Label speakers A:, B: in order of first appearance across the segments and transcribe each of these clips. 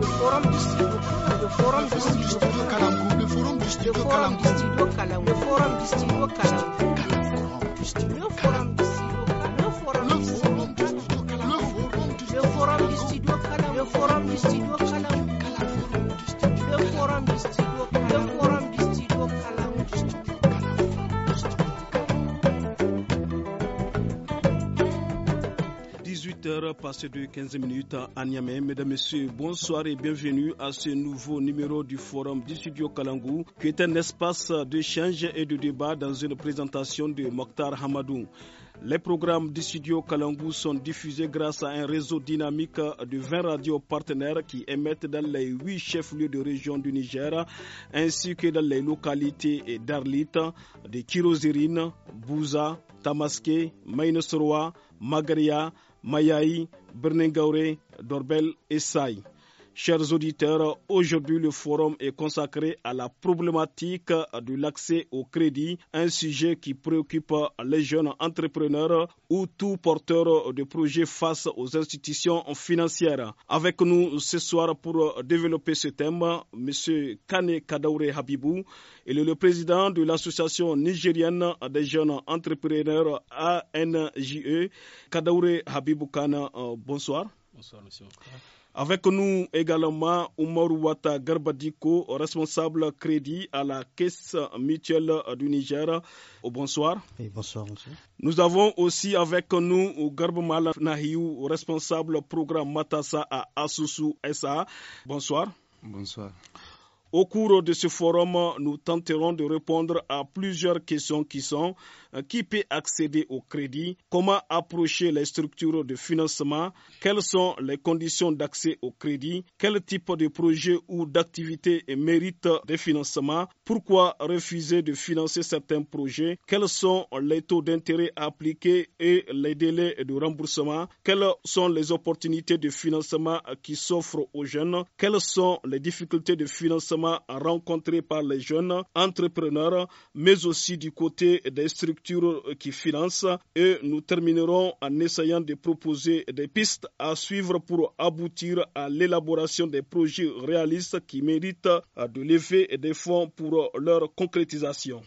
A: le forum du studio le forum le forum du studio le forum du le forum
B: passé de 15 minutes à Niamey. Mesdames, Messieurs, bonsoir et bienvenue à ce nouveau numéro du Forum du Studio Kalangou, qui est un espace d'échange et de débat dans une présentation de Mokhtar Hamadou. Les programmes du studio Kalangou sont diffusés grâce à un réseau dynamique de 20 radios partenaires qui émettent dans les 8 chefs-lieux de région du Niger, ainsi que dans les localités d'Arlit, de Kirozirine, Bouza, Tamaské, Mainesroa, Magaria, mayayi birnin Dorbel dorbel isai Chers auditeurs, aujourd'hui le forum est consacré à la problématique de l'accès au crédit, un sujet qui préoccupe les jeunes entrepreneurs ou tout porteur de projets face aux institutions financières. Avec nous ce soir pour développer ce thème, M. Kane Kadaure Habibou, il est le président de l'association nigérienne des jeunes entrepreneurs ANJE. Kadaure Habibou Kane, euh, bonsoir. Bonsoir, monsieur. Avec nous également Oumar Wata Garbadiko, responsable crédit à la Caisse mutuelle du Niger. Bonsoir. bonsoir, monsieur. Nous avons aussi avec nous Garbamal Nahiou, responsable programme Matassa à Asusu SA. Bonsoir. Bonsoir. Au cours de ce forum, nous tenterons de répondre à plusieurs questions qui sont euh, qui peut accéder au crédit, comment approcher les structures de financement, quelles sont les conditions d'accès au crédit, quel type de projet ou d'activité mérite des financement, pourquoi refuser de financer certains projets, quels sont les taux d'intérêt appliqués et les délais de remboursement, quelles sont les opportunités de financement qui s'offrent aux jeunes, quelles sont les difficultés de financement rencontrés par les jeunes entrepreneurs, mais aussi du côté des structures qui financent. Et nous terminerons en essayant de proposer des pistes à suivre pour aboutir à l'élaboration des projets réalistes qui méritent de lever des fonds pour leur concrétisation.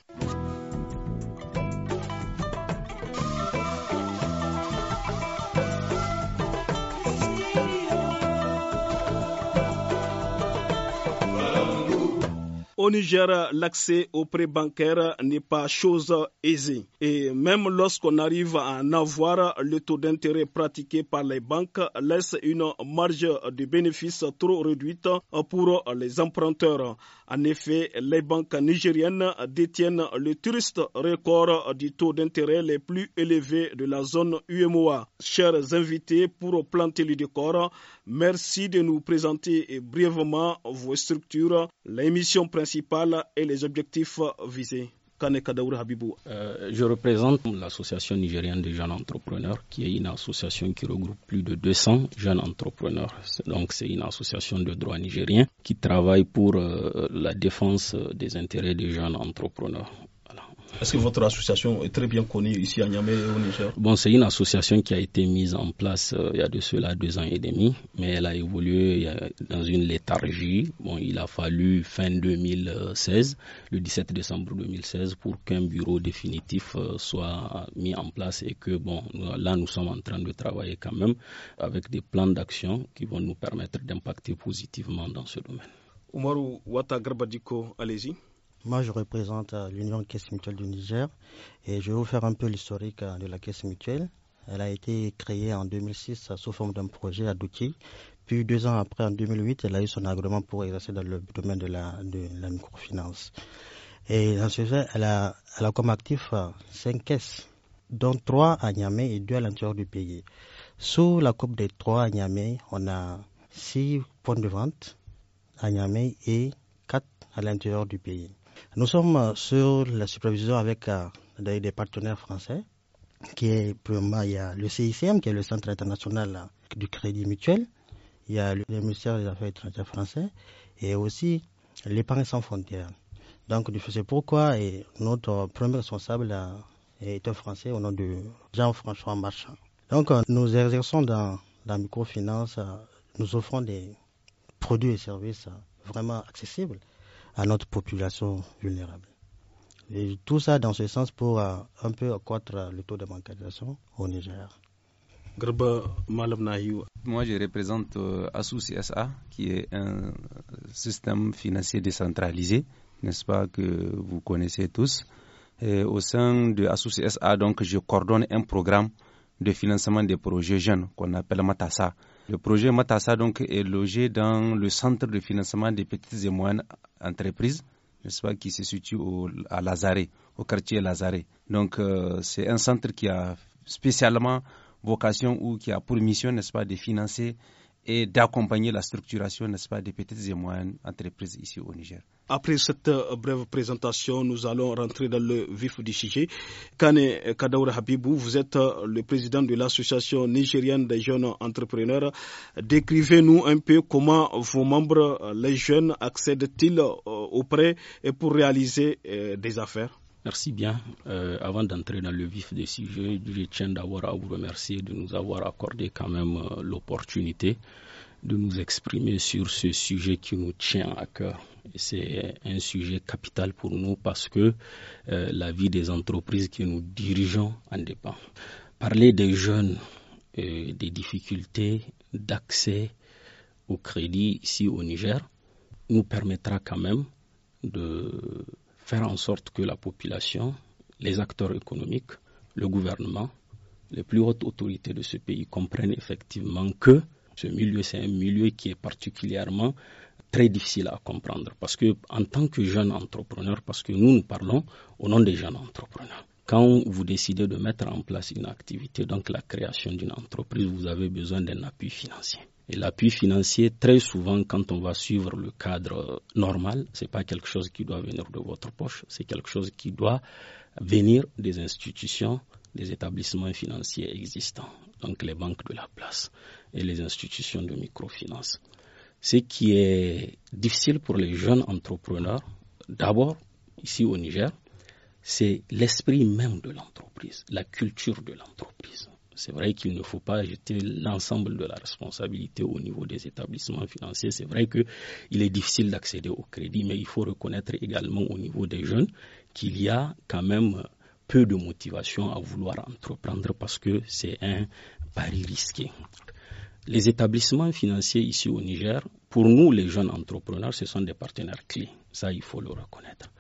B: Au Niger, l'accès aux prêts bancaires n'est pas chose aisée. Et même lorsqu'on arrive à en avoir, le taux d'intérêt pratiqué par les banques laisse une marge de bénéfice trop réduite pour les emprunteurs. En effet, les banques nigériennes détiennent le touriste record du taux d'intérêt les plus élevés de la zone UMOA. Chers invités, pour planter le décor, merci de nous présenter brièvement vos structures, les missions principales et les objectifs visés. Euh,
C: je représente l'association nigérienne des jeunes entrepreneurs, qui est une association qui regroupe plus de 200 jeunes entrepreneurs. Donc c'est une association de droit nigérien
B: qui travaille pour
C: euh, la défense des intérêts des jeunes entrepreneurs.
B: Est-ce que votre association est très bien connue ici à Niamey et au Niger
C: Bon, c'est une association qui a été mise en place euh, il y a de cela deux ans et demi, mais elle a évolué dans une léthargie. Bon, il a fallu fin 2016, le 17 décembre 2016, pour qu'un bureau définitif euh, soit mis en place et que, bon, là, nous sommes en train de travailler quand même avec des plans d'action qui vont nous permettre d'impacter positivement dans ce domaine.
B: allez-y.
D: Moi, je représente euh, l'Union Caisse Mutuelle du Niger et je vais vous faire un peu l'historique euh, de la Caisse Mutuelle. Elle a été créée en 2006 euh, sous forme d'un projet à Douti. Puis deux ans après, en 2008, elle a eu son agrément pour exercer dans le domaine de la, microfinance. Et dans ce fait, elle a, elle a comme actif cinq caisses, dont trois à Niamey et deux à l'intérieur du pays. Sous la coupe des trois à Niamey, on a six points de vente à Niamey et quatre à l'intérieur du pays. Nous sommes euh, sur la supervision avec euh, des, partenaires français, qui est, il y a le CICM, qui est le Centre international euh, du crédit mutuel, il y a le ministère des Affaires étrangères français, et aussi l'épargne sans frontières. Donc, c'est pourquoi et notre premier responsable est un Français au nom de Jean-François Marchand. Donc, nous exerçons dans la microfinance, nous offrons des produits et services vraiment accessibles à notre population vulnérable. Et tout ça dans ce sens pour euh, un peu accroître euh, le taux de bancarisation au Niger.
A: Moi, je représente euh, ASUCSA, qui est un système financier décentralisé, n'est-ce pas, que vous connaissez tous. au sein de ASUCSA, donc, je coordonne un programme de financement des projets jeunes qu'on appelle Matassa. Le projet Matassa donc est logé dans le centre de financement des petites et moyennes entreprises, n'est-ce pas, qui se situe au, à Lazare, au quartier Lazare. Euh, c'est un centre qui a spécialement vocation ou qui a pour mission, n'est-ce pas, de financer et d'accompagner la structuration, n'est-ce pas, des petites et moyennes entreprises ici au Niger.
B: Après cette euh, brève présentation, nous allons rentrer dans le vif du sujet. Kane Kadaoura Habibou, vous êtes euh, le président de l'association nigérienne des jeunes entrepreneurs. Décrivez-nous un peu comment vos membres, euh, les jeunes, accèdent-ils auprès et pour réaliser des affaires
C: Merci bien. avant d'entrer dans le vif du sujet, je tiens d'abord à vous remercier de nous avoir accordé quand même l'opportunité de nous exprimer sur ce sujet qui nous tient à cœur. C'est un sujet capital pour nous parce que euh, la vie des entreprises que nous dirigeons en dépend. Parler des jeunes, et euh, des difficultés d'accès au crédit ici au Niger, nous permettra quand même de faire en sorte que la population, les acteurs économiques, le gouvernement, les plus hautes autorités de ce pays comprennent effectivement que ce milieu, c'est un milieu qui est particulièrement très difficile à comprendre parce que en tant que jeune entrepreneur, parce que nous nous parlons au nom des jeunes entrepreneurs. Quand vous décidez de mettre en place une activité, donc la création d'une entreprise, vous avez besoin d'un appui financier. Et l'appui financier, très souvent, quand on va suivre le cadre normal, ce n'est pas quelque chose qui doit venir de votre poche, c'est quelque chose qui doit venir des institutions, des établissements financiers existants donc les banques de la place et les institutions de microfinance. Ce qui est difficile pour les jeunes entrepreneurs, d'abord ici au Niger, c'est l'esprit même de l'entreprise, la culture de l'entreprise. C'est vrai qu'il ne faut pas jeter l'ensemble de la responsabilité au niveau des établissements financiers. C'est vrai qu'il est difficile d'accéder au crédit, mais il faut reconnaître également au niveau des jeunes qu'il y a quand même peu de motivation à vouloir entreprendre parce que c'est un pari risqué. Les établissements financiers ici au Niger, pour nous les jeunes entrepreneurs, ce sont des partenaires clés. Ça, il faut le reconnaître.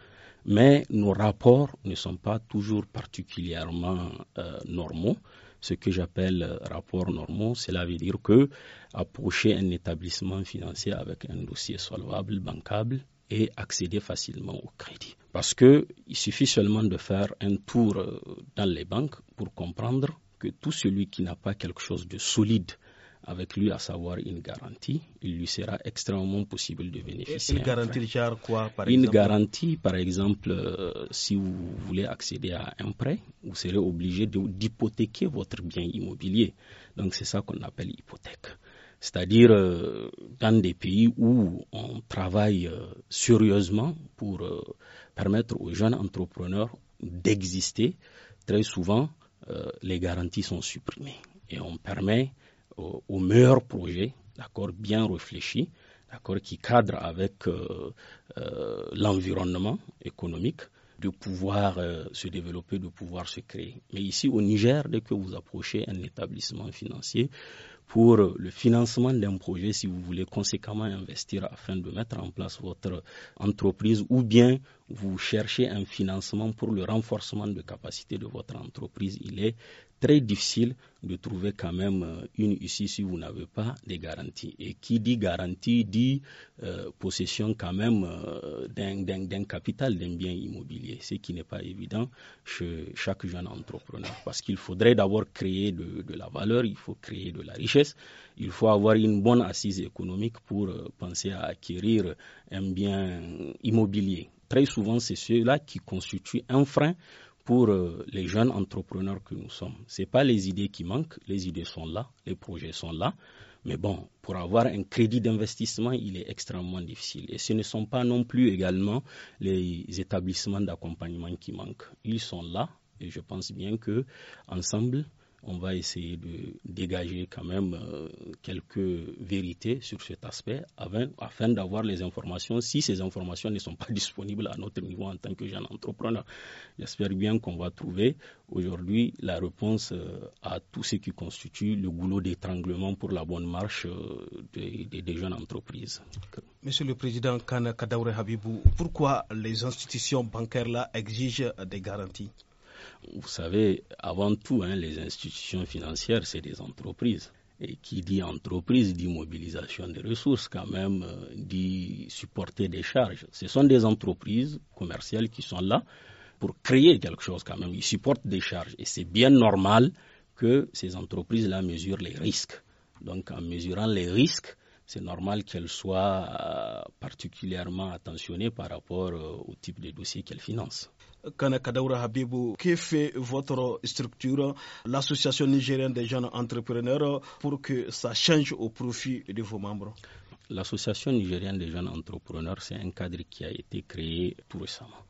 C: Mais nos rapports ne sont pas toujours particulièrement euh, normaux ce que j'appelle euh, rapport normaux. Cela veut dire que approcher un établissement financier avec un dossier solvable, bancable, et accéder facilement au crédit. Parce qu'il suffit seulement de faire un tour euh, dans les banques pour comprendre que tout celui qui n'a pas quelque chose de solide avec lui, à savoir une garantie, il lui sera extrêmement
B: possible de bénéficier. Une
C: garantie, par exemple euh, si vous voulez accéder à un prêt, vous serez obligé d'hypothéquer votre bien immobilier. Donc, c'est ça qu'on appelle hypothèque c'est-à-dire euh, dans des pays où on travaille euh, sérieusement pour euh, permettre aux jeunes entrepreneurs d'exister, très souvent les garanties sont supprimées et on permet aux meilleurs projets, d'accord, bien réfléchis, d'accord, qui cadrent avec l'environnement économique, de pouvoir se développer, de pouvoir se créer. Mais ici, au Niger, dès que vous approchez un établissement financier, pour le financement d'un projet si vous voulez conséquemment investir afin de mettre en place votre entreprise ou bien vous cherchez un financement pour le renforcement de capacité de votre entreprise, il est très difficile de trouver quand même euh, une ici si vous n'avez pas des garanties. Et qui dit garantie dit euh, possession quand même euh, d'un capital, d'un bien immobilier, ce qui n'est pas évident chez chaque jeune entrepreneur. Parce qu'il faudrait d'abord créer de, la valeur, il faut créer de la richesse, il faut avoir une bonne assise économique pour penser à acquérir un bien immobilier très souvent, c'est ceux-là qui constituent un frein pour euh, les jeunes entrepreneurs que nous sommes. Ce pas les idées qui manquent, les idées sont là, les projets sont là. Mais bon, pour avoir un crédit d'investissement, il est extrêmement difficile. Et ce ne sont pas non plus également les établissements d'accompagnement qui manquent. Ils sont là et je pense bien que ensemble, on va essayer de dégager quand même euh, quelques vérités sur cet aspect afin, d'avoir les informations si ces informations ne sont pas disponibles à notre niveau en tant que jeune entrepreneur. J'espère bien qu'on va trouver aujourd'hui la réponse euh, à tout ce qui constitue le goulot d'étranglement pour la bonne marche euh, des, jeunes
B: entreprises. Monsieur le Président Kana Habibou, pourquoi les institutions bancaires là exigent des garanties
C: vous savez, avant tout, hein, les institutions financières, c'est des entreprises. Et qui dit entreprise dit mobilisation des ressources quand même, euh, dit supporter des charges. Ce sont des entreprises commerciales qui sont là pour créer quelque chose quand même. Ils supportent des charges et c'est bien normal que ces entreprises-là mesurent les risques. Donc en mesurant les risques, c'est normal qu'elles soient euh, particulièrement attentionnées par rapport euh, au type de dossier qu'elles
B: financent. Kanakadoura Habibou, que fait votre structure, l'Association nigérienne des jeunes entrepreneurs, pour que ça change au profit de vos membres
C: L'Association nigérienne des jeunes entrepreneurs, c'est un cadre qui a été créé tout récemment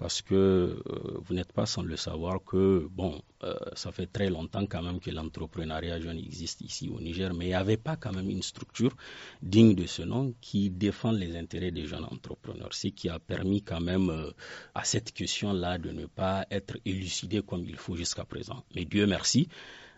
C: parce que euh, vous n'êtes pas sans le savoir que, bon, euh, ça fait très longtemps quand même que l'entrepreneuriat jeune existe ici au Niger, mais il n'y avait pas quand même une structure digne de ce nom qui défend les intérêts des jeunes entrepreneurs, ce qui a permis quand même euh, à cette question-là de ne pas être élucidée comme il faut jusqu'à présent. Mais Dieu merci,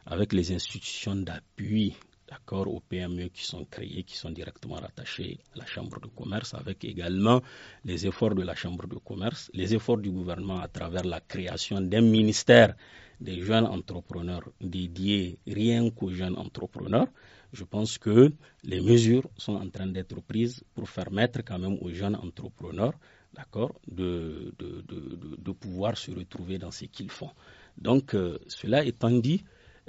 C: avec les institutions d'appui d'accord aux PME qui sont créés, qui sont directement rattachés à la Chambre de commerce, avec également les efforts de la Chambre de commerce, les efforts du gouvernement à travers la création d'un ministère des jeunes entrepreneurs dédié rien qu'aux jeunes entrepreneurs. Je pense que les mesures sont en train d'être prises pour permettre quand même aux jeunes entrepreneurs d'accord, de de, de, de, pouvoir se retrouver dans ce qu'ils font. Donc, euh, cela étant dit,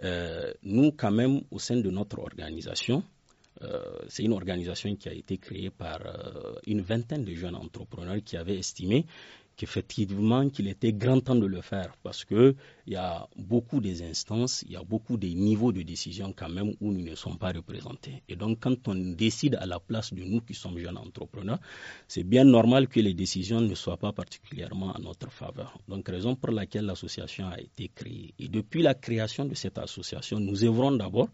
C: euh, nous, quand même, au sein de notre organisation, euh, c'est une organisation qui a été créée par euh, une vingtaine de jeunes entrepreneurs qui avaient estimé qu'effectivement, qu'il était grand temps de le faire parce que il y a beaucoup des instances, il y a beaucoup des niveaux de décision quand même où nous ne sommes pas représentés. Et donc quand on décide à la place de nous qui sommes jeunes entrepreneurs, c'est bien normal que les décisions ne soient pas particulièrement à notre faveur. Donc raison pour laquelle l'association a été créée. Et depuis la création de cette association, nous œuvrons d'abord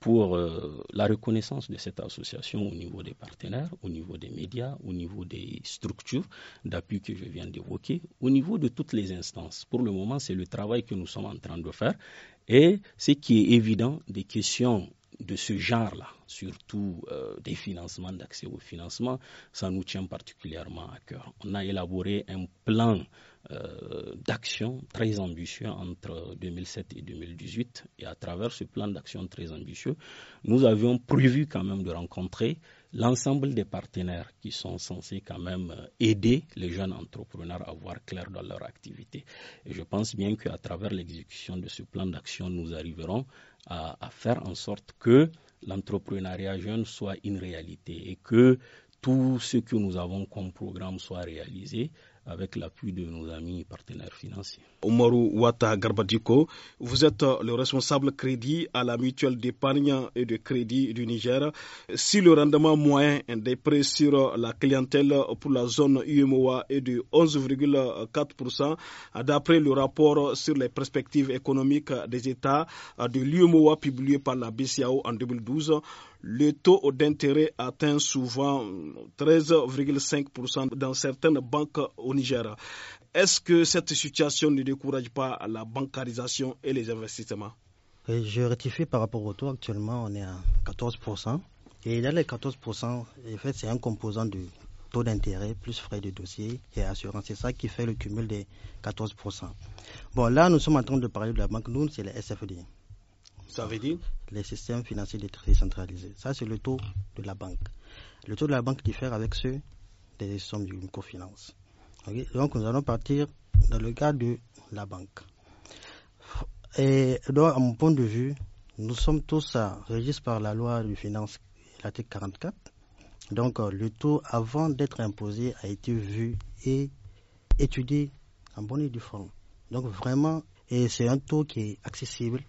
C: pour euh, la reconnaissance de cette association au niveau des partenaires, au niveau des médias, au niveau des structures d'appui que je viens d'évoquer, au niveau de toutes les instances. Pour le moment, c'est le travail que nous sommes en train de faire. Et ce qui est évident, des questions de ce genre-là, surtout euh, des financements, d'accès au financement, ça nous tient particulièrement à cœur. On a élaboré un plan euh, d'action très ambitieux entre 2007 et 2018. Et à travers ce plan d'action très ambitieux, nous avions prévu quand même de rencontrer l'ensemble des partenaires qui sont censés quand même euh, aider les jeunes entrepreneurs à voir clair dans leur activité. Et je pense bien qu'à travers l'exécution de ce plan d'action, nous arriverons à, à, faire en sorte que l'entrepreneuriat jeune soit une réalité et que tout ce que nous avons comme programme soit réalisé avec l'appui
B: de nos amis partenaires financiers. Omaru Wata Garbadiko, vous êtes le responsable crédit à la mutuelle d'épargne et de crédit du Niger. Si le rendement moyen des prêts sur la clientèle pour la zone UMOA est de 11,4%, d'après le rapport sur les perspectives économiques des États de l'UMOA publié par la BCAO en 2012, le taux d'intérêt atteint souvent 13,5% dans certaines banques au Niger. Est-ce que cette situation ne décourage pas la bancarisation et les investissements
D: Je rectifie par rapport au taux. Actuellement, on est à 14%. Et dans les 14%, en fait, c'est un composant du taux d'intérêt plus frais de dossier et assurance. C'est ça qui fait le cumul des 14%. Bon, là, nous sommes en train de parler de la banque. Nous, c'est la SFD. Ça veut dire Les systèmes financiers décentralisés. Ça, c'est le taux de la banque. Le taux de la banque diffère avec ceux des sommes du microfinance. Donc, nous allons partir dans le cas de la banque. Et donc, à mon point de vue, nous sommes tous régis par la loi du finance, l'article 44. Donc, euh, le taux, avant d'être imposé, a été vu et étudié en bonne et due forme. Donc, vraiment, et c'est un taux qui est accessible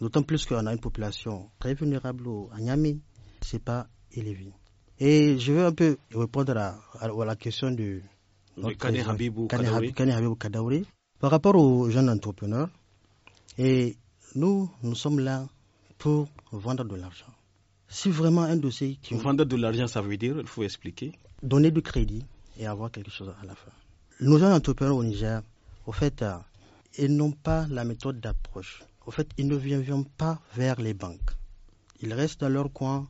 D: D'autant plus qu'on a une population très vulnérable à Niamey. Ce n'est pas élevé. Et je veux un peu répondre à, la question de Kane Habibou Kadaouri. Par rapport aux jeunes entrepreneurs, et nous, nous sommes là pour vendre de l'argent. Si vraiment un dossier qui...
B: Vendre de l'argent, ça
D: veut dire, il faut expliquer. Donner du crédit et avoir quelque chose à la fin. Nos jeunes entrepreneurs au Niger, au fait, euh, ils n'ont pas la méthode d'approche en fait, ils ne viennent pas vers les banques. Ils restent dans leur coin,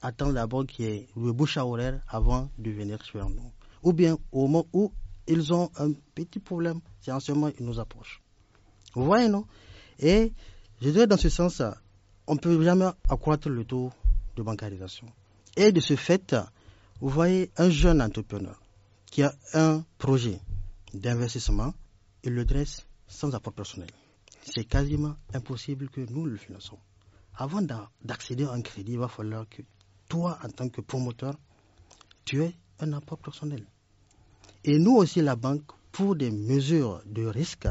D: attendent la qu'il qui ait le bouche à horaire avant de venir sur nous. Ou bien au moment où ils ont un petit problème, c'est en ce moment qu'ils nous approchent. Vous voyez, non Et je dirais dans ce sens, on ne peut jamais accroître le taux de bancarisation. Et de ce fait, vous voyez un jeune entrepreneur qui a un projet d'investissement, il le dresse sans apport personnel c'est quasiment impossible que nous le finançons. Avant d'accéder à un crédit, il va falloir que toi, en tant que promoteur, tu aies un apport personnel. Et nous aussi, la banque, pour des mesures de risque,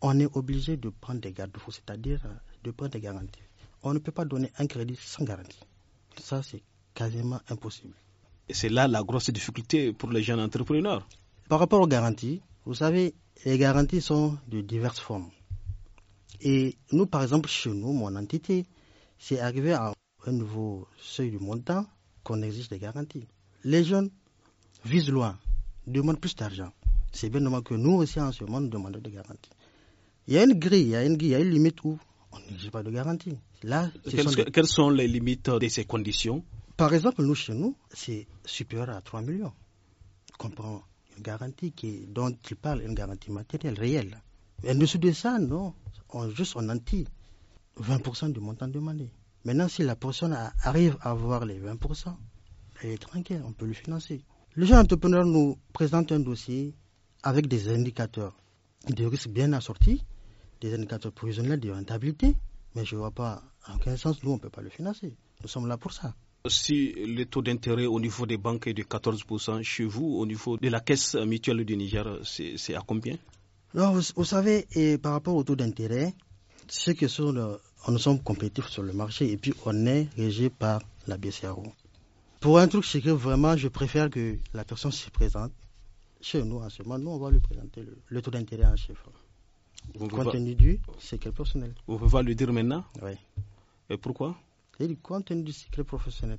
D: on est obligé de prendre des garde-fous, c'est-à-dire euh, de prendre des garanties. On ne peut pas donner un crédit sans garantie. Ça, c'est quasiment impossible.
B: Et c'est là la grosse difficulté pour les jeunes entrepreneurs.
D: Par rapport aux garanties, vous savez, les garanties sont de diverses formes. Et nous, par exemple, chez nous, mon entité, c'est arrivé à un nouveau seuil du montant qu'on exige des garanties. Les jeunes visent loin, demandent plus d'argent. C'est bien normal que nous aussi, en ce moment, nous demandons des garanties. Il y a une grille, il y a une, grille, il y a une limite où on n'exige pas de garantie. Là,
B: Quelles sont, les limites de ces conditions
D: Par exemple, nous, chez nous, c'est supérieur à 3 millions. On prend une garantie qui, dont il parle, une garantie matérielle, réelle. En dessous de ça, non. On, juste on en 20% du montant demandé. Maintenant, si la personne arrive à avoir les 20%, elle est tranquille, on peut le financer. Le jeune entrepreneur nous présente un dossier avec des indicateurs de risque bien assortis, des indicateurs provisionnels de rentabilité, mais je ne vois pas en quel sens nous, on ne peut pas le financer. Nous sommes là pour ça.
B: Si le taux d'intérêt au niveau des banques est de 14%, chez vous, au niveau de la caisse mutuelle du Niger, c'est à combien
D: vous, savez, et par rapport au taux d'intérêt, c'est que sur nous sommes compétitifs sur le marché et puis on est régi par la BCRO. Pour un truc, c'est que vraiment, je préfère que la personne se présente chez nous en ce moment. Nous, on va lui présenter le, taux d'intérêt en chiffres. compte tenu du secret personnel.
B: Vous pouvez lui le dire maintenant
D: Oui. Et pourquoi compte tenu du secret professionnel.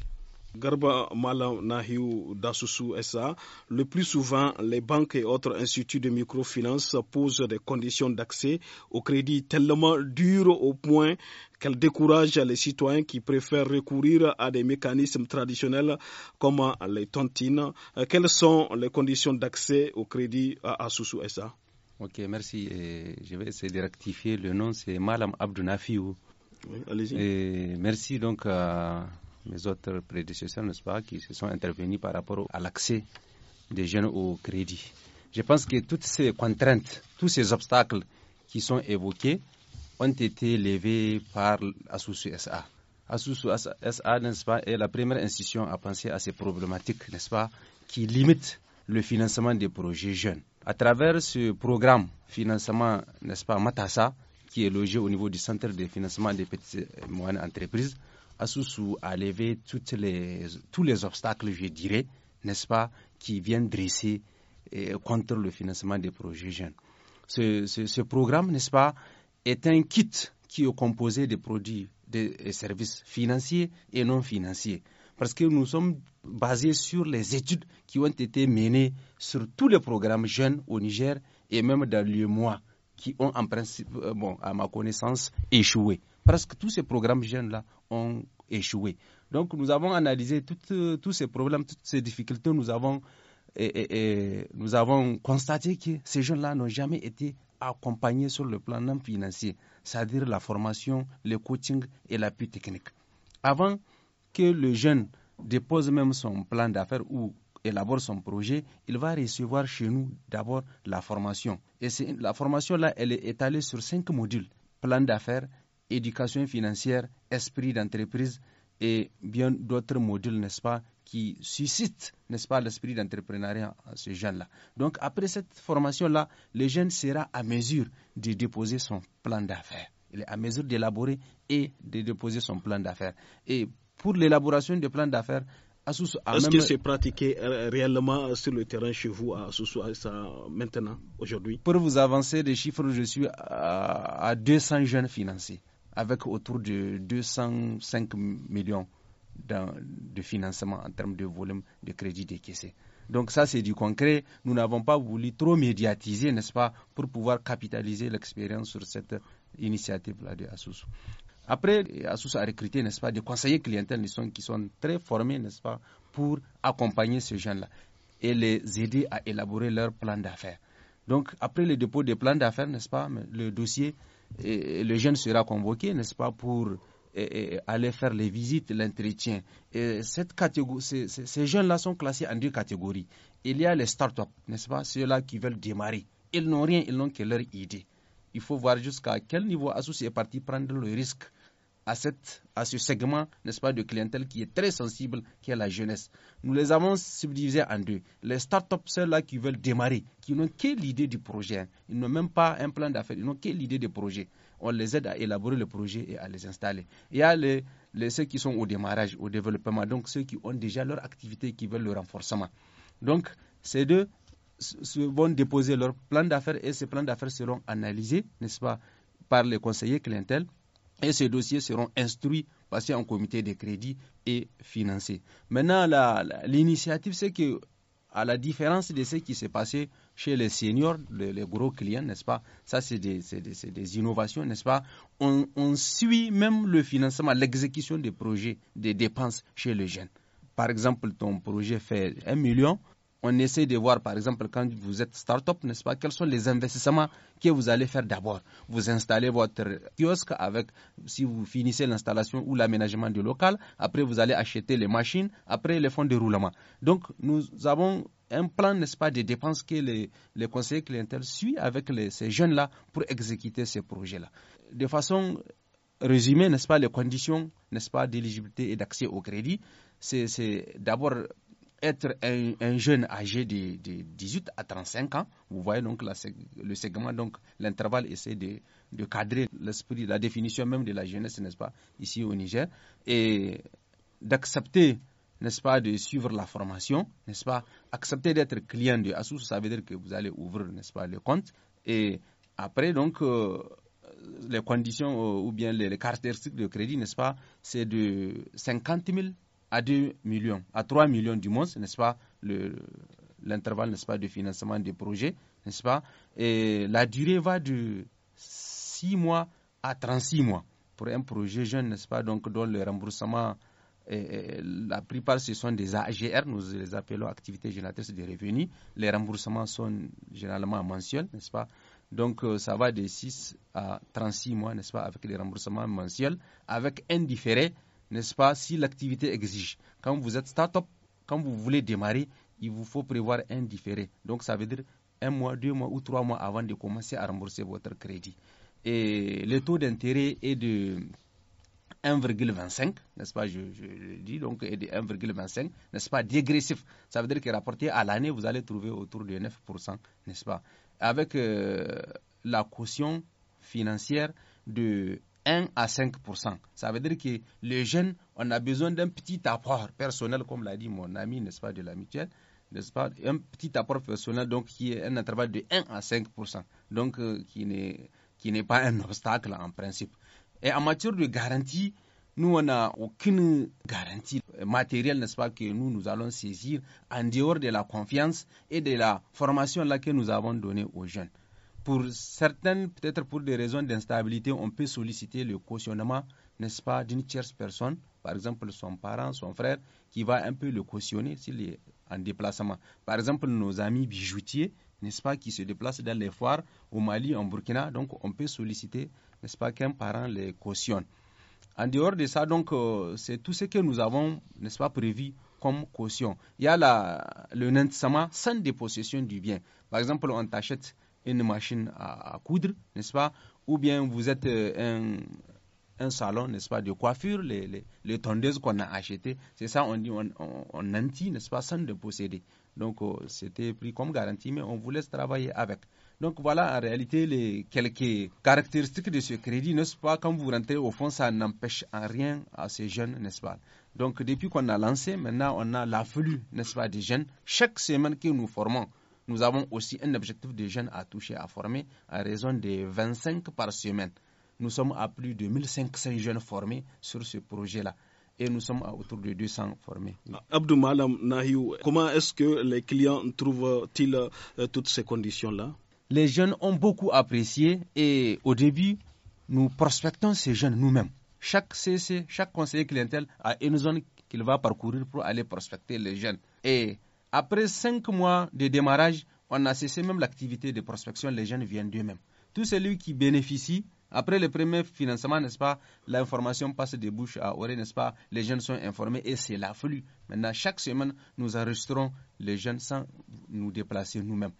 B: Garba Malam Nahiou d'Asusu SA, le plus souvent, les banques et autres instituts de microfinance posent des conditions d'accès au crédit tellement dures au point qu'elles découragent les citoyens qui préfèrent recourir à des mécanismes traditionnels comme les tontines. Quelles sont les conditions d'accès au crédit à Asusu
A: SA Ok, merci. je vais essayer de rectifier le nom, c'est Malam Abdou Nafiou. allez-y. Merci donc à mes autres prédécesseurs, n'est-ce pas, qui se sont intervenus par rapport à l'accès des jeunes au crédit. Je pense que toutes ces contraintes, tous ces obstacles qui sont évoqués ont été levés par Asusu SA. Asusu SA, n'est-ce pas, est la première institution à penser à ces problématiques, n'est-ce pas, qui limitent le financement des projets jeunes. À travers ce programme financement, n'est-ce pas, Matassa, qui est logé au niveau du centre de financement des petites et moyennes entreprises, Asusu a lever les, tous les obstacles, je dirais, n'est-ce pas, qui viennent dresser eh, contre le financement des projets jeunes. Ce, programme, n'est-ce pas, est un kit qui est composé de produits de services financiers et non financiers. Parce que nous sommes basés sur les études qui ont été menées sur tous les programmes jeunes au Niger et même dans le mois qui ont en principe, euh, bon, à ma connaissance, échoué presque tous ces programmes jeunes-là ont échoué. Donc nous avons analysé euh, tous ces problèmes, toutes ces difficultés. Nous avons, et, nous avons constaté que ces jeunes-là n'ont jamais été accompagnés sur le plan financier, c'est-à-dire la formation, le coaching et l'appui technique. Avant que le jeune dépose même son plan d'affaires ou élabore son projet, il va recevoir chez nous d'abord la formation. Et la formation-là, elle est étalée sur cinq modules. Plan d'affaires, éducation financière, esprit d'entreprise et bien d'autres modules, n'est-ce pas, qui suscitent, n'est-ce pas, l'esprit d'entrepreneuriat à ces jeunes là Donc, après cette formation-là, le jeune sera à mesure de déposer son plan d'affaires. Il est à mesure d'élaborer et de déposer son plan d'affaires. Et pour l'élaboration du plan d'affaires, est-ce que c'est
B: pratiqué euh, réellement sur le terrain chez vous à Asusu maintenant,
A: aujourd'hui Pour vous avancer des chiffres, je suis à, 200 jeunes financés avec autour de 205 millions de financement en termes de volume de crédit décaissé. Donc ça, c'est du concret. Nous n'avons pas voulu trop médiatiser, n'est-ce pas, pour pouvoir capitaliser l'expérience sur cette initiative-là de Asus. Après, Asus a recruté, n'est-ce pas, des conseillers clientèles qui sont très formés, n'est-ce pas, pour accompagner ces gens là et les aider à élaborer leur plan d'affaires. Donc, après le dépôt des plans d'affaires, n'est-ce pas, le dossier le jeune sera convoqué, n'est-ce pas, pour aller faire les visites, l'entretien. ces, jeunes-là sont classés en deux catégories. Il y a les start-up, n'est-ce pas, ceux-là qui veulent démarrer. Ils n'ont rien, ils n'ont que leur idée. Il faut voir jusqu'à quel niveau Asus est parti prendre le risque à, cette, à ce segment, n'est-ce pas, de clientèle qui est très sensible, qui est la jeunesse. Nous les avons subdivisés en deux. Les start-up, ceux-là qui veulent démarrer, qui n'ont qu'une idée du projet, hein. ils n'ont même pas un plan d'affaires, ils n'ont qu'une idée du projet. On les aide à élaborer le projet et à les installer. Il y a les, ceux qui sont au démarrage, au développement, donc ceux qui ont déjà leur activité, et qui veulent le renforcement. Donc, ces deux vont déposer leur plan d'affaires et ces plans d'affaires seront analysés, n'est-ce pas, par les conseillers clientèle et ces dossiers seront instruits, passés en comité de crédit et financés. Maintenant, l'initiative, c'est que, à la différence de ce qui s'est passé chez les seniors, les, gros clients, n'est-ce pas Ça, c'est des, innovations, n'est-ce pas on, suit même le financement, l'exécution des projets, des dépenses chez les jeunes. Par exemple, ton projet fait un million, on essaie de voir, par exemple, quand vous êtes start-up, n'est-ce pas, quels sont les investissements que vous allez faire d'abord. Vous installez votre kiosque avec, si vous finissez l'installation ou l'aménagement du local, après vous allez acheter les machines, après les fonds de roulement. Donc, nous avons un plan, n'est-ce pas, de dépenses que les, les conseillers clientèles suivent avec ces jeunes-là pour exécuter ces projets-là. De façon résumée, n'est-ce pas, les conditions, n'est-ce pas, d'éligibilité et d'accès au crédit, c'est d'abord être un, jeune âgé de, 18 à 35 ans, vous voyez donc le segment, donc l'intervalle essaie de, cadrer l'esprit, la définition même de la jeunesse, n'est-ce pas, ici au Niger, et d'accepter, n'est-ce pas, de suivre la formation, n'est-ce pas, accepter d'être client de Asus, ça veut dire que vous allez ouvrir, n'est-ce pas, le compte, et après, donc, euh, les conditions euh, ou bien les, les caractéristiques de crédit, n'est-ce pas, c'est de 50 000 à 2 millions, à 3 millions du moins, n'est-ce pas, l'intervalle, n'est-ce pas, de financement des projets, n'est-ce pas, et la durée va de 6 mois à 36 mois pour un projet jeune, n'est-ce pas, donc dont le remboursement, et, la plupart ce sont des AGR, nous les appelons activités génératrices de revenus, les remboursements sont généralement mensuels, n'est-ce pas, donc euh, ça va de 6 à 36 mois, n'est-ce pas, avec les remboursements mensuels, avec indifféré n'est-ce pas, si l'activité exige. Quand vous êtes start-up, quand vous voulez démarrer, il vous faut prévoir un différé. Donc ça veut dire un mois, deux mois ou trois mois avant de commencer à rembourser votre crédit. Et le taux d'intérêt est de 1,25, n'est-ce pas, je, le dis, donc est de 1,25, n'est-ce pas, dégressif. Ça veut dire que rapporté à l'année, vous allez trouver autour de 9%, n'est-ce pas, avec euh, la caution financière de 1 à 5 Ça veut dire que les jeunes, on a besoin d'un petit apport personnel, comme l'a dit mon ami, n'est-ce pas, de la n'est-ce pas, un petit apport personnel, donc qui est un intervalle de 1 à 5 donc euh, qui n'est qui n'est pas un obstacle en principe. Et en matière de garantie, nous, on n'a aucune garantie matérielle, n'est-ce pas, que nous, nous allons saisir en dehors de la confiance et de la formation là que nous avons donnée aux jeunes pour certaines, peut-être pour des raisons d'instabilité, on peut solliciter le cautionnement, n'est-ce pas, d'une tierce personne, par exemple son parent, son frère, qui va un peu le cautionner s'il est en déplacement. Par exemple, nos amis bijoutiers, n'est-ce pas, qui se déplacent dans les foires au Mali, en Burkina, donc on peut solliciter, n'est-ce pas, qu'un parent les cautionne. En dehors de ça, donc, euh, c'est tout ce que nous avons, n'est-ce pas, prévu comme caution. Il y a la, le nantissement sans dépossession du bien. Par exemple, on t'achète une machine à, coudre, n'est-ce pas Ou bien vous êtes euh, un, salon, n'est-ce pas, de coiffure, les, les, tondeuses qu'on a achetées. C'est ça, on dit, on, on, n'est-ce pas, sans de posséder. Donc, oh, c'était pris comme garantie, mais on vous laisse travailler avec. Donc, voilà, en réalité, les quelques caractéristiques de ce crédit, n'est-ce pas, quand vous rentrez au fond, ça n'empêche rien à ces jeunes, n'est-ce pas. Donc, depuis qu'on a lancé, maintenant, on a l'afflux, n'est-ce pas, des jeunes. Chaque semaine que nous formons, nous avons aussi un objectif de jeunes à toucher, à former à raison de 25 par semaine. Nous sommes à plus de 1500 jeunes formés sur ce projet-là et nous sommes à autour de 200 formés.
B: Abdou Malam Nahiou, comment est-ce que les clients trouvent-ils euh, toutes ces conditions-là
A: Les jeunes ont beaucoup apprécié et au début, nous prospectons ces jeunes nous-mêmes. Chaque CC, chaque conseiller clientèle a une zone qu'il va parcourir pour aller prospecter les jeunes. Et après cinq mois de démarrage, on a cessé même l'activité de prospection. Les jeunes viennent d'eux-mêmes. Tout celui qui bénéficie, après le premier financement, n'est-ce pas, l'information passe de bouche à oreille, n'est-ce pas, les jeunes sont informés et c'est l'afflux. Maintenant, chaque semaine, nous enregistrons les jeunes sans nous déplacer nous-mêmes.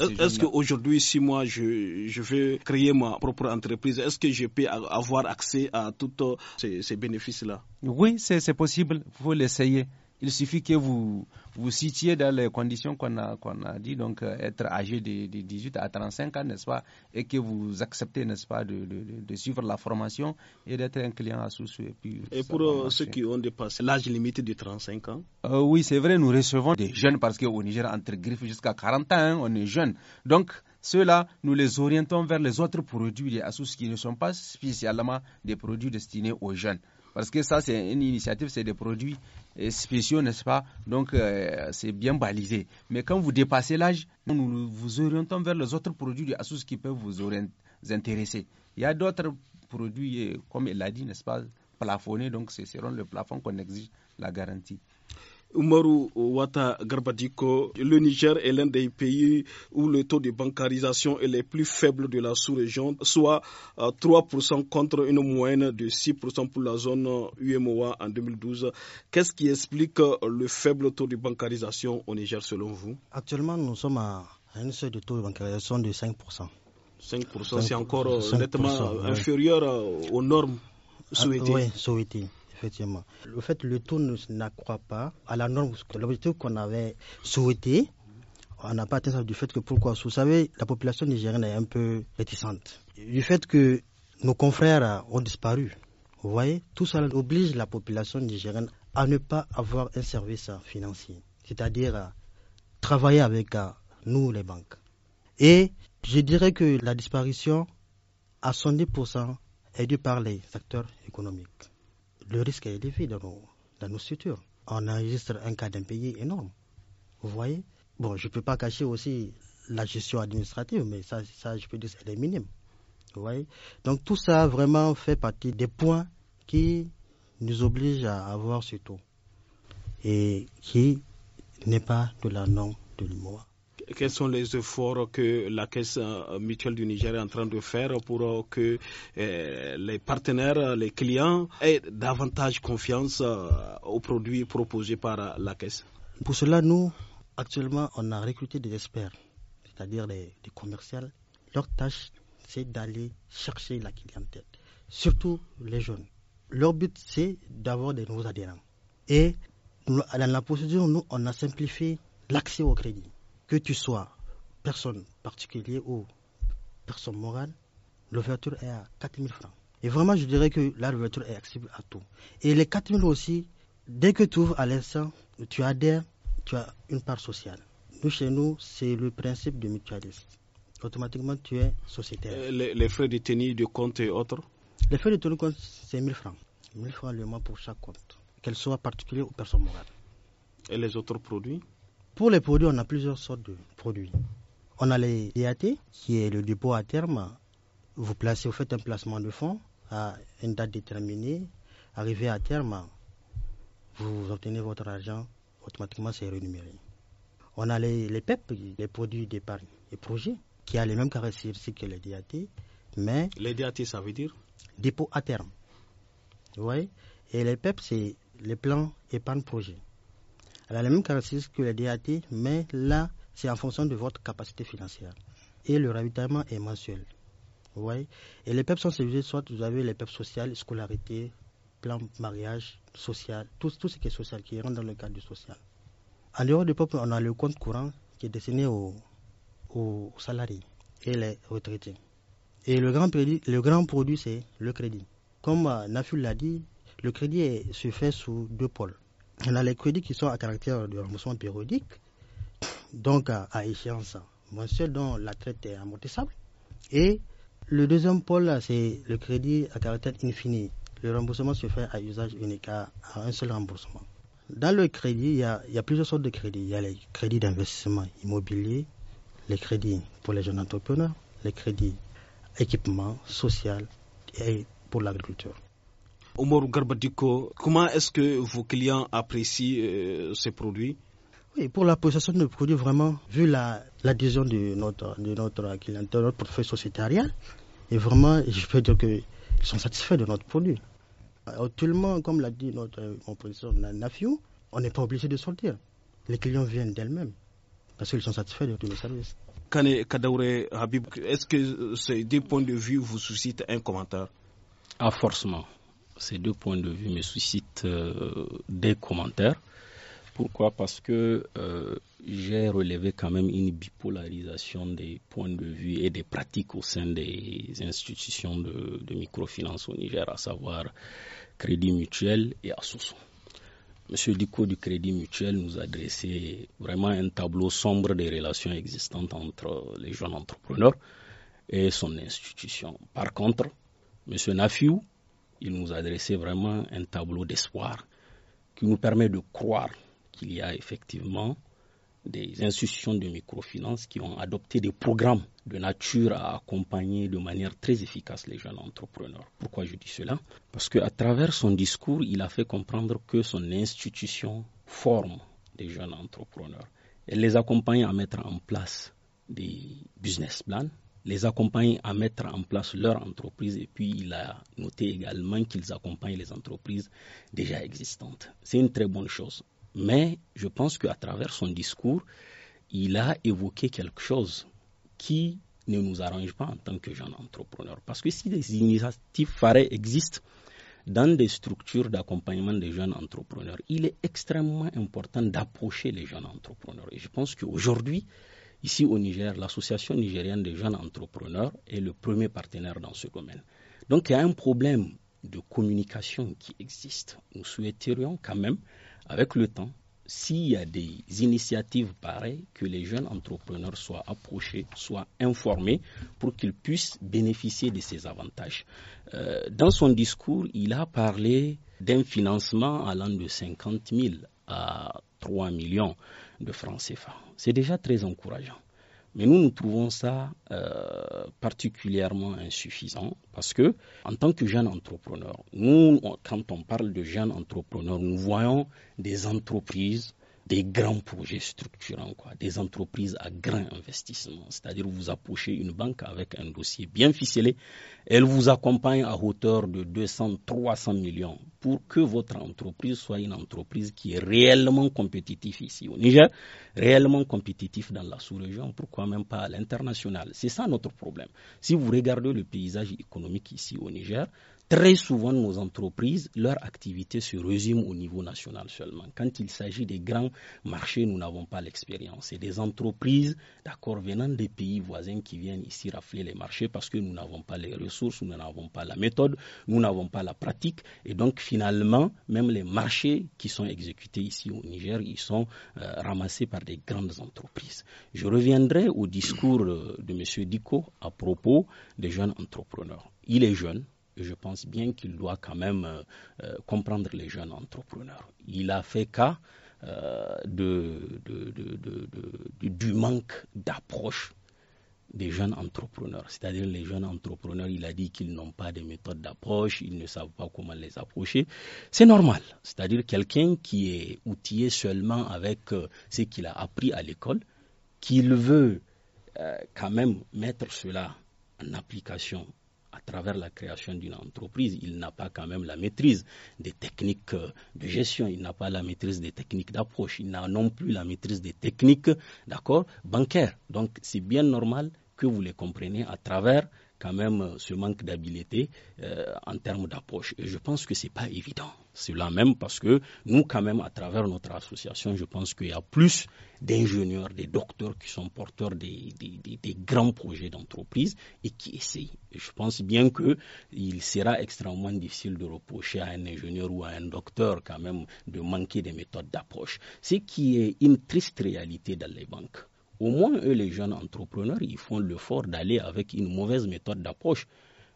A: Euh, est-ce
B: qu'aujourd'hui, si moi je, je, veux créer ma propre entreprise, est-ce que je peux avoir accès à tous
A: euh, ces, ces bénéfices-là Oui, c'est possible, faut l'essayer. Il suffit que vous vous sitiez dans les conditions qu'on a, qu'on a dit, donc euh, être âgé de, 18 à 35 ans, n'est-ce pas, et que vous acceptez, n'est-ce pas, de, de, suivre la formation et d'être un client à Et,
B: pour euh, ceux qui ont dépassé l'âge limite de 35 ans
A: euh, Oui, c'est vrai, nous recevons des jeunes parce qu'au Niger, entre griffes jusqu'à 40 ans, hein, on est jeune. Donc, ceux-là, nous les orientons vers les autres produits des ASUS qui ne sont pas spécialement des produits destinés aux jeunes. Parce que ça, c'est une initiative, c'est des produits euh, spéciaux, n'est-ce pas Donc, euh, c'est bien balisé. Mais quand vous dépassez l'âge, nous vous orientons vers les autres produits de Asus qui peuvent vous, intéresser. Il y a d'autres produits, euh, comme elle l'a dit, n'est-ce pas, plafonnés. Donc, ce seront le plafond qu'on exige la garantie.
B: Umaru Wata Garbadiko, le Niger est l'un des pays où le taux de bancarisation est le plus faible de la sous-région, soit 3% euh, contre une moyenne de 6% pour la zone UMOA en 2012. Qu'est-ce qui explique euh, le faible taux de bancarisation au Niger selon vous
D: Actuellement, nous sommes à un seuil de taux de bancarisation de 5%.
B: 5%, c'est encore euh, nettement inférieur aux normes ah,
D: souhaitées. Le fait le taux n'accroît pas à la norme, l'objectif qu'on avait souhaité, on n'a pas atteint ça du fait que pourquoi Vous savez, la population nigérienne est un peu réticente. Du fait que nos confrères ont disparu, vous voyez, tout cela oblige la population nigérienne à ne pas avoir un service financier, c'est-à-dire à travailler avec euh, nous, les banques. Et je dirais que la disparition à 110% est due par les acteurs économiques le risque est élevé dans nos, dans nos structures. On enregistre un cas d'impayé énorme. Vous voyez Bon, je ne peux pas cacher aussi la gestion administrative, mais ça, ça je peux dire, elle est minime. Vous voyez Donc tout ça vraiment fait partie des points qui nous obligent à avoir ce taux et qui n'est pas de la norme de l'humour
B: quels sont les efforts que la Caisse euh, mutuelle du Niger est en train de faire pour euh, que euh, les partenaires, les clients aient davantage confiance aux produits proposés par la Caisse
D: Pour cela, nous, actuellement, on a recruté des experts, c'est-à-dire des, commerciaux. Leur tâche, c'est d'aller chercher la clientèle, surtout les jeunes. Leur but, c'est d'avoir des nouveaux adhérents. Et dans la procédure, nous, on a simplifié l'accès au crédit que tu sois personne particulière ou personne morale, l'ouverture est à 4000 francs. Et vraiment, je dirais que l'ouverture est accessible à tout. Et les 4000 aussi, dès que tu ouvres à l'instant, tu adhères, tu as une part sociale. Nous, chez nous, c'est le principe de mutualisme. Automatiquement, tu es sociétaire.
B: Euh, les, frais de tenue de compte et autres
D: Les frais de tenue de compte, c'est 1000 francs. 1000 francs le mois pour chaque compte, qu'elle soit particulière ou personne morale. Et les autres produits pour les produits, on a plusieurs sortes de produits. On a les DAT, qui est le dépôt à terme. Vous placez, vous faites un placement de fonds à une date déterminée. Arrivé à terme, vous obtenez votre argent, automatiquement c'est renuméré. On a les, PEP, e les produits d'épargne et projets, qui a les mêmes caractéristiques que les DAT, mais...
B: Les DAT, ça veut dire
D: Dépôt à terme. Vous Et les PEP, e c'est les plans épargne-projet. Elle a la même caractéristique que les DAT, mais là, c'est en fonction de votre capacité financière. Et le ravitaillement est mensuel. Vous Et les PEP sont sévisés, soit vous avez les PEP sociales, scolarité, plan mariage, social, tout, tout ce qui est social, qui rentre dans le cadre du social. En dehors du PEP, on a le compte courant qui est destiné aux, salariés et les retraités. Et le grand, le grand produit, c'est le crédit. Comme euh, Nafu l'a dit, le crédit se fait sous deux pôles on a les crédits qui sont à caractère de remboursement périodique, donc à, échéance. échéance mensuelle dont la traite est amortissable. Et le deuxième pôle, c'est le crédit à caractère infini. Le remboursement se fait à usage unique, à, un seul remboursement. Dans le crédit, il y, a, plusieurs sortes de crédits. Il y a les crédits d'investissement immobilier, les crédits pour les jeunes entrepreneurs, les crédits équipement social et pour l'agriculture.
B: Omar Garbadiko, comment est-ce que vos clients apprécient euh, ces produits
D: oui, pour la possession de produits, vraiment, vu l'adhésion la, de notre, de notre clientèle, notre portefeuille sociétarial, et vraiment, je peux dire qu'ils sont satisfaits de notre produit. Euh, actuellement, comme l'a dit notre, mon professeur Nafiou, on n'est pas obligé de sortir. Les clients viennent d'elles-mêmes parce qu'ils sont satisfaits de tous nos services.
B: Kane Habib, est-ce que euh, ces deux points de vue vous suscitent un commentaire Ah, forcément
C: ces deux points de vue me suscitent euh, des commentaires. Pourquoi Parce que euh, j'ai relevé quand même une bipolarisation des points de vue et des pratiques au sein des institutions de, microfinance au Niger, à savoir Crédit Mutuel et Assoso. Monsieur Dico du Crédit Mutuel nous a dressé vraiment un tableau sombre des relations existantes entre les jeunes entrepreneurs et son institution. Par contre, Monsieur Nafiou il nous a adressé vraiment un tableau d'espoir qui nous permet de croire qu'il y a effectivement des institutions de microfinance qui ont adopté des programmes de nature à accompagner de manière très efficace les jeunes entrepreneurs. Pourquoi je dis cela Parce qu'à travers son discours, il a fait comprendre que son institution forme des jeunes entrepreneurs. Elle les accompagne à mettre en place des business plans, les accompagne à mettre en place leur entreprise et puis il a noté également qu'ils accompagnent les entreprises déjà existantes. C'est une très bonne chose. Mais je pense qu'à travers son discours, il a évoqué quelque chose qui ne nous arrange pas en tant que jeunes entrepreneurs. Parce que si des initiatives phares existent dans des structures d'accompagnement des jeunes entrepreneurs, il est extrêmement important d'approcher les jeunes entrepreneurs. Et je pense qu'aujourd'hui, Ici au Niger, l'Association nigérienne des jeunes entrepreneurs est le premier partenaire dans ce domaine. Donc il y a un problème de communication qui existe. Nous souhaiterions quand même, avec le temps, s'il y a des initiatives pareilles, que les jeunes entrepreneurs soient approchés, soient informés pour qu'ils puissent bénéficier de ces avantages. Euh, dans son discours, il a parlé d'un financement allant de 50 000 à 3 millions de francs CFA. C'est déjà très encourageant. Mais nous, nous trouvons ça euh, particulièrement insuffisant parce que, en tant que jeune entrepreneur, nous, quand on parle de jeunes entrepreneurs, nous voyons des entreprises des grands projets structurants, quoi, des entreprises à grand investissement. C'est-à-dire vous approchez une banque avec un dossier bien ficelé, elle vous accompagne à hauteur de 200-300 millions pour que votre entreprise soit une entreprise qui est réellement compétitive ici au Niger, réellement compétitive dans la sous-région, pourquoi même pas à l'international. C'est ça notre problème. Si vous regardez le paysage économique ici au Niger, Très souvent, nos entreprises, leur activité se résume au niveau national seulement. Quand il s'agit des grands marchés, nous n'avons pas l'expérience. C'est des entreprises, d'accord, venant des pays voisins qui viennent ici rafler les marchés parce que nous n'avons pas les ressources, nous n'avons pas la méthode, nous n'avons pas la pratique. Et donc, finalement, même les marchés qui sont exécutés ici au Niger, ils sont euh, ramassés par des grandes entreprises. Je reviendrai au discours euh, de M. Diko à propos des jeunes entrepreneurs. Il est jeune, je pense bien qu'il doit quand même euh, euh, comprendre les jeunes entrepreneurs. Il a fait cas euh, du manque d'approche des jeunes entrepreneurs. C'est-à-dire les jeunes entrepreneurs, il a dit qu'ils n'ont pas de méthode d'approche, ils ne savent pas comment les approcher. C'est normal. C'est-à-dire quelqu'un qui est outillé seulement avec ce qu'il a appris à l'école, qu'il veut quand même mettre cela en application à travers la création d'une entreprise, il n'a pas quand même la maîtrise des techniques euh, de gestion, il n'a pas la maîtrise des techniques d'approche, il n'a non plus la maîtrise des techniques, d'accord, bancaires. Donc c'est bien normal que vous les compreniez à travers quand même euh, ce manque d'habileté euh, en termes d'approche. Et je pense que ce n'est pas évident. Cela même parce que nous, quand même, à travers notre association, je pense qu'il y a plus d'ingénieurs, des docteurs qui sont porteurs des, des, grands projets d'entreprise et qui essayent. je pense bien qu'il sera extrêmement difficile de reprocher à un ingénieur ou à un docteur, quand même, de manquer des méthodes d'approche. Ce qui est une triste réalité dans les banques au moins, eux, les jeunes entrepreneurs, ils font l'effort d'aller avec une mauvaise méthode d'approche.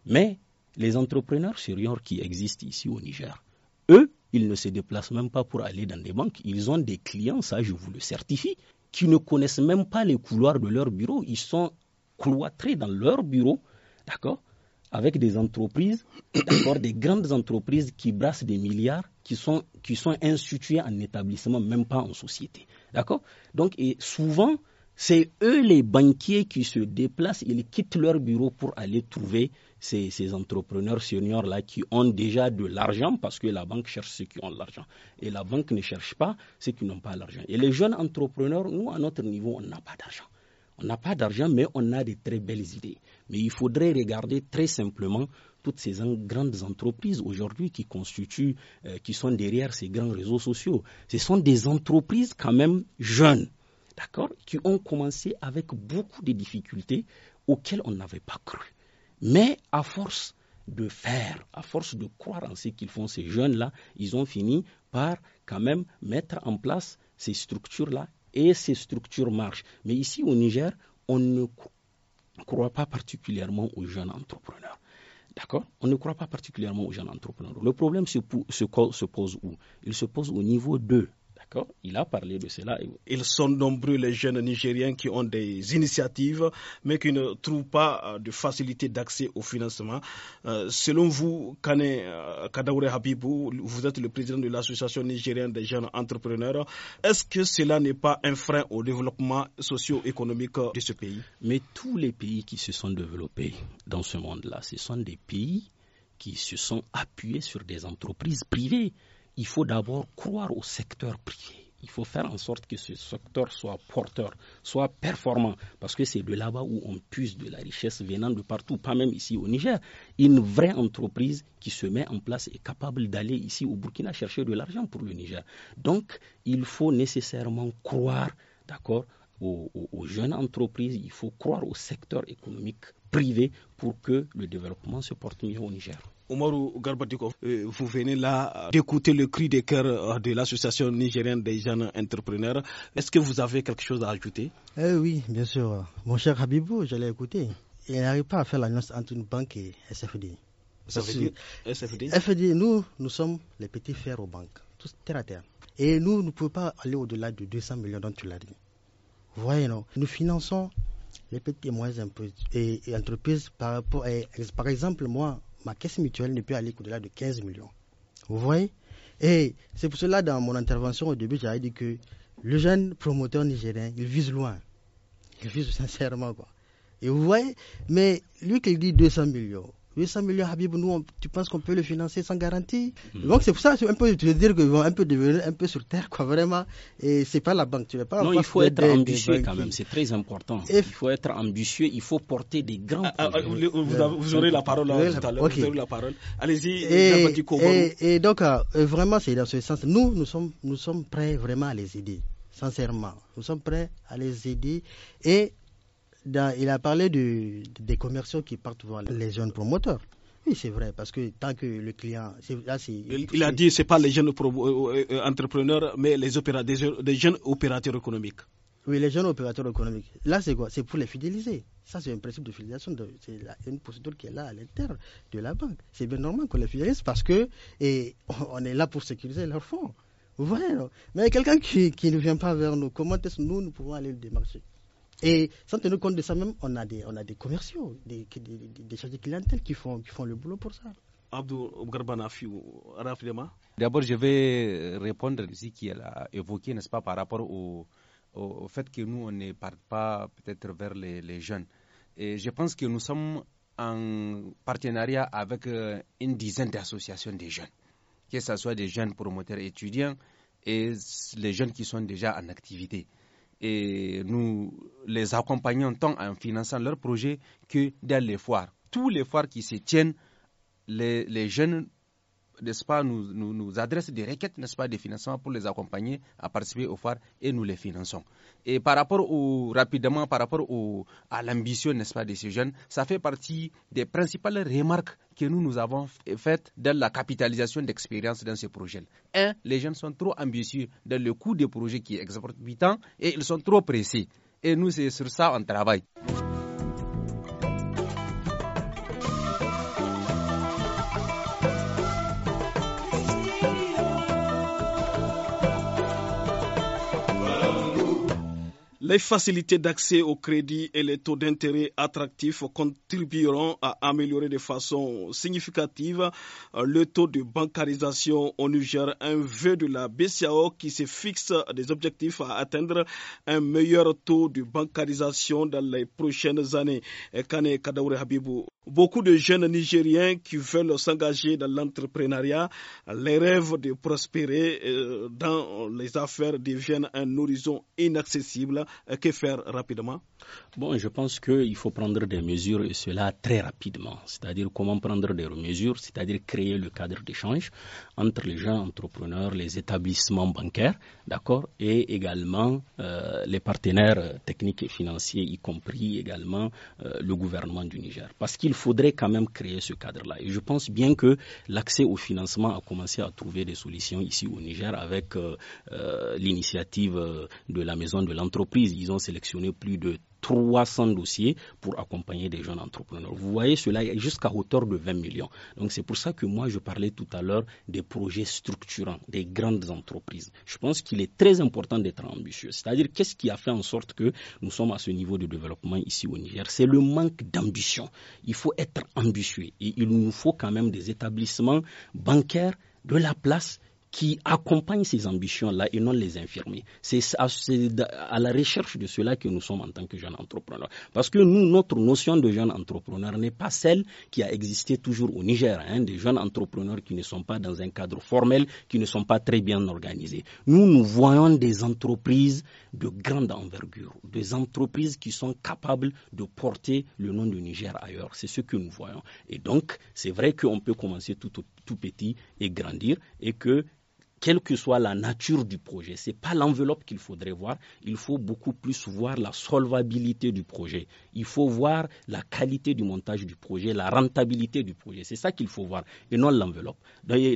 C: Mais les entrepreneurs seniors qui existent ici au Niger, eux, ils ne se déplacent même pas pour aller dans des banques. Ils ont des clients, ça je vous le certifie, qui ne connaissent même pas les couloirs de leur bureau. Ils sont cloîtrés dans leur bureau, d'accord avec des entreprises, d'accord, des grandes entreprises qui brassent des milliards, qui sont, qui sont instituées en établissement, même pas en société. D'accord Donc, et souvent, c'est eux les banquiers qui se déplacent, ils quittent leur bureau pour aller trouver ces, entrepreneurs seniors-là qui ont déjà de l'argent parce que la banque cherche ceux qui ont de l'argent. Et la banque ne cherche pas ceux qui n'ont pas l'argent. Et les jeunes entrepreneurs, nous, à notre niveau, on n'a pas d'argent. On n'a pas d'argent, mais on a de très belles idées. Mais il faudrait regarder très simplement toutes ces grandes entreprises aujourd'hui qui constituent, euh, qui sont derrière ces grands réseaux sociaux. Ce sont des entreprises quand même jeunes d'accord, qui ont commencé avec beaucoup de difficultés auxquelles on n'avait pas cru. Mais à force de faire, à force de croire en ce qu'ils font, ces jeunes-là, ils ont fini par quand même mettre en place ces structures-là et ces structures marchent. Mais ici au Niger, on ne croit pas particulièrement aux jeunes entrepreneurs. D'accord On ne croit pas particulièrement aux jeunes entrepreneurs. Le problème se, se pose où Il se pose au niveau 2
B: il a parlé de cela. Ils sont nombreux les jeunes Nigériens qui ont des initiatives, mais qui ne trouvent pas euh, de facilité d'accès au financement. Euh, selon vous, Kane euh, Habibou, vous êtes le président de l'Association nigérienne des jeunes entrepreneurs. Est-ce que cela n'est pas un frein au développement socio-économique de ce pays Mais tous les pays qui se sont
C: développés dans ce monde-là, ce sont des pays qui se sont appuyés sur des entreprises privées il faut d'abord croire au secteur privé. Il faut faire en sorte que ce secteur soit porteur, soit performant, parce que c'est de là-bas où on puise de la richesse venant de partout, pas même ici au Niger. Une vraie entreprise qui se met en place est capable d'aller ici au Burkina chercher de l'argent pour le Niger. Donc, il faut nécessairement croire, d'accord, aux jeunes entreprises, il faut croire au secteur économique privé pour que le développement se porte mieux au Niger.
B: Omarou Garbatiko, euh, vous venez là euh, d'écouter le cri des cœurs euh, de l'Association nigérienne des jeunes entrepreneurs. Est-ce que vous avez quelque chose à ajouter
D: eh Oui, bien sûr. Mon cher Habibou, je l'ai écouté. Il n'arrive pas à faire l'annonce entre une banque et SFD. SFD? SFD nous, nous sommes les petits fers aux banques, tous terre à terre. Et nous, nous ne pouvons pas aller au-delà de 200 millions dont tu Voyez, non Nous finançons les petites et moyennes entreprises, par, par exemple, moi, ma caisse mutuelle ne peut aller au-delà de 15 millions. Vous voyez Et c'est pour cela, dans mon intervention au début, j'avais dit que le jeune promoteur nigérien, il vise loin. Il vise sincèrement, quoi. Et vous voyez Mais lui qui dit 200 millions, 800 millions, Habib, nous, tu penses qu'on peut le financer sans garantie hmm. Donc, c'est pour ça, un peu, je veux dire qu'ils vont un peu devenir un peu sur terre, quoi, vraiment. Et c'est pas la banque, tu veux pas. Non, il faut être ambitieux quand
C: même, c'est très important. Il faut être ambitieux, il faut porter des grands.
B: Ah, ah, ah, vous, aurez la parole hein, tout à l'heure, vous aurez la parole. Allez-y,
D: et, donc, euh, vraiment, c'est dans ce sens. Nous, nous sommes, nous sommes prêts vraiment à les aider, sincèrement. Nous sommes prêts à les aider et il a parlé des commerciaux qui partent voir les jeunes promoteurs. Oui, c'est vrai, parce que tant que le client. il,
B: a dit ce pas les jeunes euh, euh, euh, entrepreneurs, mais les, jeunes opérateurs
D: économiques. Oui, les jeunes opérateurs économiques. Là, c'est quoi C'est pour les fidéliser. Ça, c'est un principe de fidélisation. C'est une procédure qui est là à l'intérieur de la banque. C'est bien normal qu'on les fidélise parce que on est là pour sécuriser leurs fonds. Vous voyez, Mais quelqu'un qui, qui, ne vient pas vers nous, comment est-ce que nous, nous pouvons aller le démarcher et sans tenir compte de ça même, on a des, on a des commerciaux, des, des, chargés de clientèle qui font, qui font le boulot pour ça.
A: Abdou rapidement. D'abord, je vais répondre à ce qu'elle a évoqué, n'est-ce pas, par rapport au, fait que nous, on ne part pas peut-être vers les, les, jeunes. Et je pense que nous sommes en partenariat avec euh, une dizaine d'associations des jeunes, que ce soit des jeunes promoteurs étudiants et les jeunes qui sont déjà en activité et nous les accompagnons tant en finançant leurs projets que dans les foires. Tous les foires qui se tiennent, les jeunes nest pas, nous, nous, adressent des requêtes, n'est-ce pas, des financements pour les accompagner à participer au phare et nous les finançons. Et par rapport au, rapidement, par rapport au, à l'ambition, n'est-ce pas, de ces jeunes, ça fait partie des principales remarques que nous, nous avons faites dans la capitalisation d'expérience dans ces projets. Un, les jeunes sont trop ambitieux dans le coût des projets qui exorbitant et ils sont trop pressés. Et nous, c'est sur ça qu'on travaille.
B: Les facilités d'accès au crédit et les taux d'intérêt attractifs contribueront à améliorer de façon significative euh, le taux de bancarisation au Niger, un vœu de la BCAO qui se fixe des objectifs à atteindre un meilleur taux de bancarisation dans les prochaines années. Beaucoup de jeunes Nigériens qui veulent s'engager dans l'entrepreneuriat, les rêves de prospérer euh, dans les affaires deviennent un horizon inaccessible euh, que faire rapidement
C: Bon, je pense qu'il faut prendre des mesures et cela très rapidement. C'est-à-dire comment prendre des mesures, c'est-à-dire créer le cadre d'échange entre les gens entrepreneurs, les établissements bancaires, d'accord, et également euh, les partenaires techniques et financiers, y compris également euh, le gouvernement du Niger. Parce qu'il faudrait quand même créer ce cadre-là. Et je pense bien que l'accès au financement a commencé à trouver des solutions ici au Niger avec l'initiative de la maison de l'entreprise ils ont sélectionné plus de 300 dossiers pour accompagner des jeunes entrepreneurs. Vous voyez, cela est jusqu'à hauteur de 20 millions. Donc c'est pour ça que moi, je parlais tout à l'heure des projets structurants, des grandes entreprises. Je pense qu'il est très important d'être ambitieux. C'est-à-dire, qu'est-ce qui a fait en sorte que nous sommes à ce niveau de développement ici au Niger C'est le manque d'ambition. Il faut être ambitieux et il nous faut quand même des établissements bancaires de la place qui accompagnent ces ambitions-là et non les infirmer. C'est à, à, la recherche de cela que nous sommes en tant que jeunes entrepreneurs. Parce que nous, notre notion de jeune entrepreneur n'est pas celle qui a existé toujours au Niger. Hein, des jeunes entrepreneurs qui ne sont pas dans un cadre formel, qui ne sont pas très bien organisés. Nous, nous voyons des entreprises de grande envergure, des entreprises qui sont capables de porter le nom du Niger ailleurs. C'est ce que nous voyons. Et donc, c'est vrai qu'on peut commencer tout petit et grandir et que quelle que soit la nature du projet. Ce n'est pas l'enveloppe qu'il faudrait voir, il faut beaucoup plus voir la solvabilité du projet. Il faut voir la qualité du montage du projet, la rentabilité du projet. C'est ça qu'il faut voir et non l'enveloppe.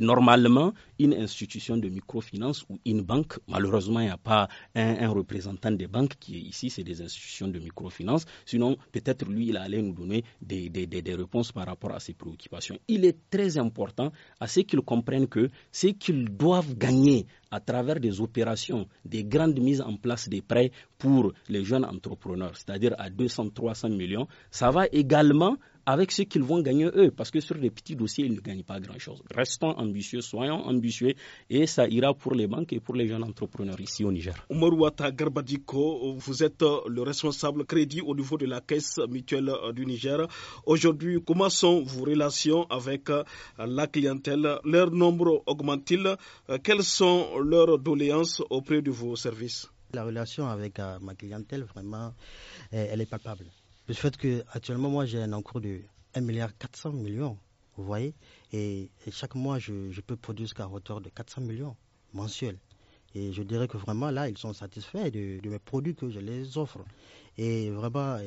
C: Normalement, une institution de microfinance ou une banque, malheureusement, il n'y a pas un, représentant des banques qui est ici, c'est des institutions de microfinance. Sinon, peut-être lui, il allait nous donner des, des, des, des réponses par rapport à ses préoccupations. Il est très important à ce qu'ils comprennent que ce qu'ils doivent gagner à travers des opérations, des grandes mises en place des prêts pour les jeunes entrepreneurs, c'est-à-dire à 200, 300 millions, ça va également avec ce qu'ils vont gagner eux, parce que sur les petits dossiers, ils ne gagnent pas grand-chose. Restons ambitieux, soyons ambitieux, et ça ira pour les banques et pour les jeunes entrepreneurs ici au Niger.
B: Omar Ouata Garbadiko, vous êtes le responsable crédit au niveau de la Caisse mutuelle du Niger. Aujourd'hui, comment sont vos relations avec la clientèle Leur nombre
D: augmente-t-il Quelles sont leurs doléances auprès de vos services la relation avec euh, ma clientèle, vraiment, elle est palpable. Le fait que actuellement moi j'ai un encours de 1 milliard 400 millions, vous voyez, et, chaque mois je, peux produire jusqu'à hauteur de 400 millions mensuels. Et je dirais que vraiment là ils sont satisfaits de, mes produits que je les offre. Et vraiment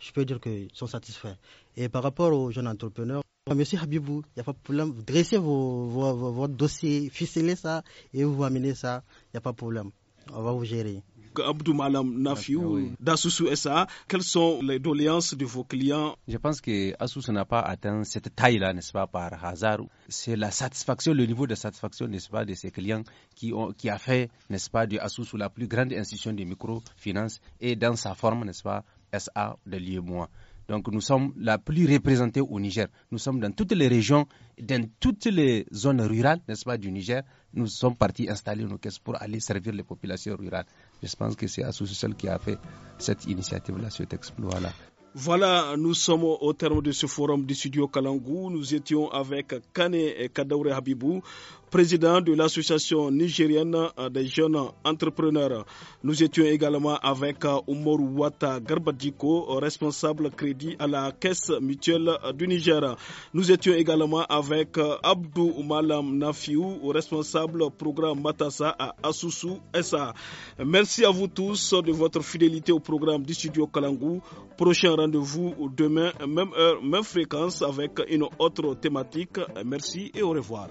D: je peux dire qu'ils sont satisfaits. Et par rapport aux jeunes entrepreneurs, Monsieur Habibou, il n'y a pas de problème. Vous dressez vos, dossier, ficelez ça et vous amenez ça. Il n'y a pas de problème. On va vous gérer.
A: Abdou Malam Nafiou ah, oui. SA.
B: Quelles sont les doléances de vos clients
A: Je pense que Asusu n'a pas atteint cette taille-là, n'est-ce pas, par hasard. C'est la satisfaction, le niveau de satisfaction, n'est-ce pas, de ses clients qui, ont, a fait, n'est-ce pas, de Asusu la plus grande institution de microfinance et dans sa forme, n'est-ce pas, SA de l'IEMOA. Donc nous sommes la plus représentée au Niger. Nous sommes dans toutes les régions, dans toutes les zones rurales, n'est-ce pas, du Niger. Nous sommes partis installer nos caisses pour aller servir les populations rurales. Je pense que c'est seul qui a fait cette initiative-là, cet exploit-là.
B: Voilà, nous sommes au terme de ce forum du studio Kalangou. Nous étions avec Kane et Kadaure Habibou président de l'association nigérienne euh, des jeunes entrepreneurs. Nous étions également avec euh, Oumor Ouata Garbadjiko, responsable crédit à la Caisse mutuelle du Niger. Nous étions également avec euh, Abdou Malam Nafiou, responsable programme Matassa à Asusu SA. Merci à vous tous de votre fidélité au programme du studio Kalangou. Prochain rendez-vous demain, même heure, même fréquence avec une autre thématique. Merci et au revoir.